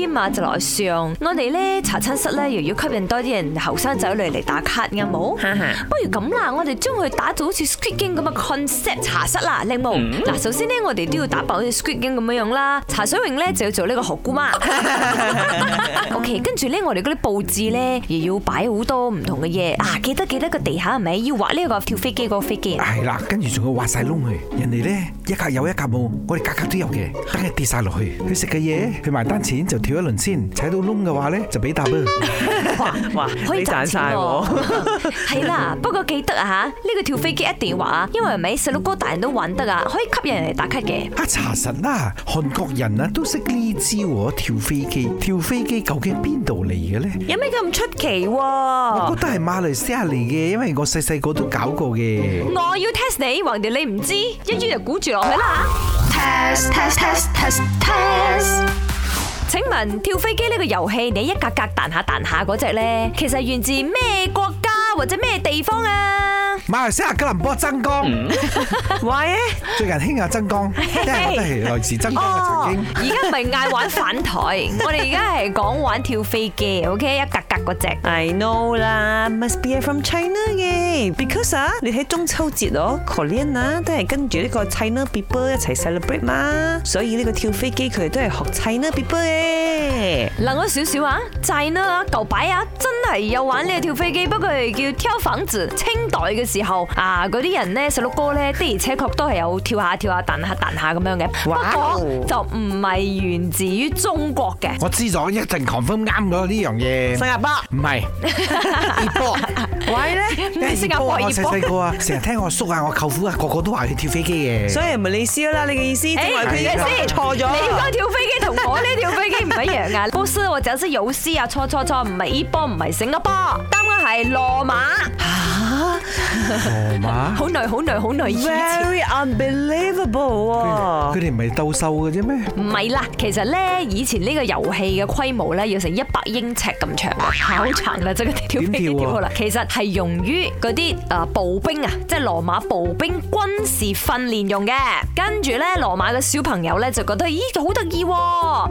兼嘛就落上，我哋咧茶餐室咧，又要吸引多啲人後生仔女嚟打卡嘅，冇。 不如咁啦，我哋將佢打造好似 Squid Game 咁嘅 concept 茶室啦，靚唔？嗱， 首先咧，我哋都要打扮好似 Squid Game 咁樣樣啦。茶水泳咧就要做呢個學姑媽。 OK，跟住咧，我哋嗰啲布置咧，又要擺好多唔同嘅嘢。啊，記得記得個地下係咪要畫呢個跳飛機嗰個飛機？係、啊、啦，跟住仲要畫晒窿去。人哋咧一格有一格冇，我哋格格都有嘅，等一跌晒落去。佢食嘅嘢，佢埋單錢就。跳一輪先，踩到窿嘅話咧就俾 d o 哇，可以賺晒，係啦。不過記得啊吓，呢、這個跳飛機一定滑，因為咪細路哥大人都玩得啊，可以吸引人嚟打卡嘅。啊查實啦，韓國人啊都識呢招跳飛機，跳飛機究竟邊度嚟嘅咧？有咩咁出奇？我覺得係馬來西亞嚟嘅，因為我細細個都搞過嘅。我要 test 你，話掂你唔知，一於就估住落去啦。跳飛機呢個遊戲，你一格格彈下彈下嗰隻咧，其實是源自咩國家或者咩地方啊？馬來西亞吉隆坡增江？喂， 最近興下增江，即係覺得係來自增江嘅曾經。而家唔係嗌玩反台， 我哋而家係講玩跳飛機，OK 一格。嗰隻，I know 啦，must be from China 嘅，because 啊，你睇中秋節咯，Korean 啊，都係跟住呢個 Chinese people 一齊 celebrate 嘛，所以呢個跳飛機佢哋都係學 Chinese people。嗱我少少啊，Chinese 舊擺啊，真係有玩呢個跳飛機，不過係叫跳房子。清代嘅時候啊，嗰啲人咧，細路哥咧的而且確都係有跳下跳下彈下彈下咁樣嘅，不過就唔係源自於中國嘅。我知咗，一陣 confirm 啱咗呢樣嘢。新加坡。唔係， 波，喂咧，咩波、啊、波？我細細個啊，成 日聽我叔啊、我舅父啊，個個都話佢跳飛機嘅，所以唔係你意思啦，你嘅意思，錯 咗，欸、是錯你嗰跳飛機同我呢跳飛機唔係一樣啊。 波斯或者有師啊，錯錯錯，唔係依波，唔係醒阿波，答案係羅馬。 羅馬好耐，好耐，好耐以前。Very unbelievable。佢哋唔係鬥獸嘅啫咩？唔係啦，其實咧，以前呢個遊戲嘅規模咧要成一百英尺咁長，長啊，好長啦，即係條啦。其實係用於嗰啲誒步兵啊，即係羅馬步兵軍事訓練用嘅。跟住咧，羅馬嘅小朋友咧就覺得咦好得意，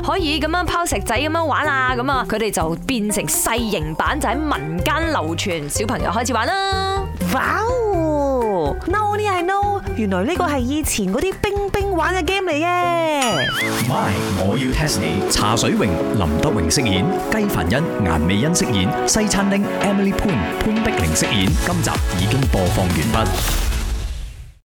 可以咁樣拋石仔咁樣玩啊，咁啊，佢哋就變成細型版，就喺民間流傳，小朋友開始玩啦。哇、wow！No，呢 I know，原來呢個係以前嗰啲冰冰玩嘅 game 嚟嘅。My，我要 test 你。茶水榮，林德榮飾演，雞凡欣、顏美欣飾演，西餐廳 Emily Poon，潘碧玲飾演。今集已經播放完畢。